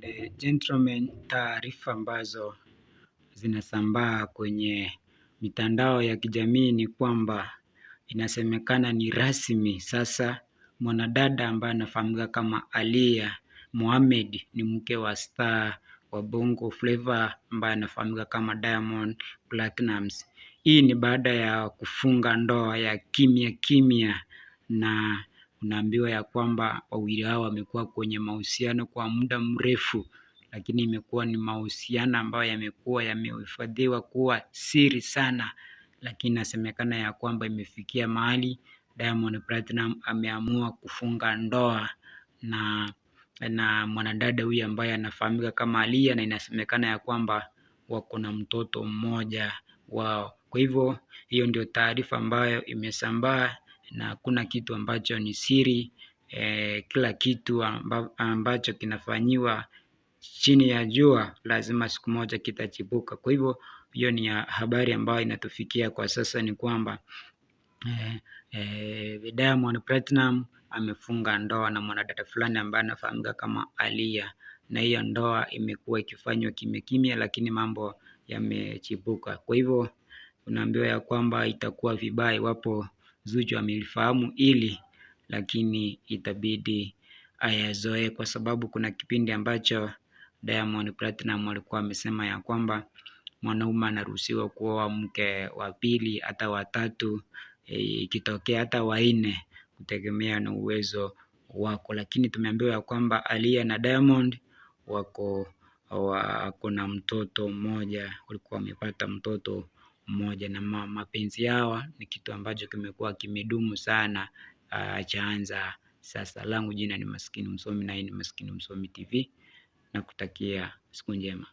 The Gentleman, taarifa ambazo zinasambaa kwenye mitandao ya kijamii ni kwamba inasemekana ni rasmi sasa, mwanadada ambaye anafahamika kama Alia Mohammed ni mke wa star wa Bongo Flava ambaye anafahamika kama Diamond Platnumz. Hii ni baada ya kufunga ndoa ya kimya kimya na unaambiwa ya kwamba wawili hao wamekuwa kwenye mahusiano kwa muda mrefu, lakini imekuwa ni mahusiano ambayo yamekuwa yamehifadhiwa kuwa siri sana, lakini inasemekana ya kwamba imefikia mahali Diamond Platinum ameamua kufunga ndoa na na mwanadada huyu ambaye anafahamika kama alia na inasemekana ya kwamba wako na mtoto mmoja wao. Kwa hivyo hiyo ndio taarifa ambayo imesambaa na hakuna kitu ambacho ni siri eh, kila kitu ambacho kinafanyiwa chini ya jua lazima siku moja kitachipuka. Kwa hivyo hiyo ni habari ambayo inatufikia kwa sasa, ni kwamba eh, eh, Diamond Platinum amefunga ndoa na mwanadada fulani ambaye anafahamika kama Aaliyah, na hiyo ndoa imekuwa ikifanywa kimya kimya, lakini mambo yamechipuka. Kwa hivyo unaambiwa ya kwamba itakuwa vibaya iwapo Zuchu amelifahamu hili, lakini itabidi ayazoe, kwa sababu kuna kipindi ambacho Diamond Platinum alikuwa amesema ya kwamba mwanaume anaruhusiwa kuoa mke wa pili hata watatu, e, ikitokea e, hata wanne, kutegemea na uwezo wako. Lakini tumeambiwa ya kwamba Aaliyah na Diamond wako wako na mtoto mmoja, walikuwa wamepata mtoto mmoja na mapenzi hawa ni kitu ambacho kimekuwa kimedumu sana uh, chaanza sasa. Langu jina ni Maskini Msomi na hii ni Maskini Msomi TV na kutakia siku njema.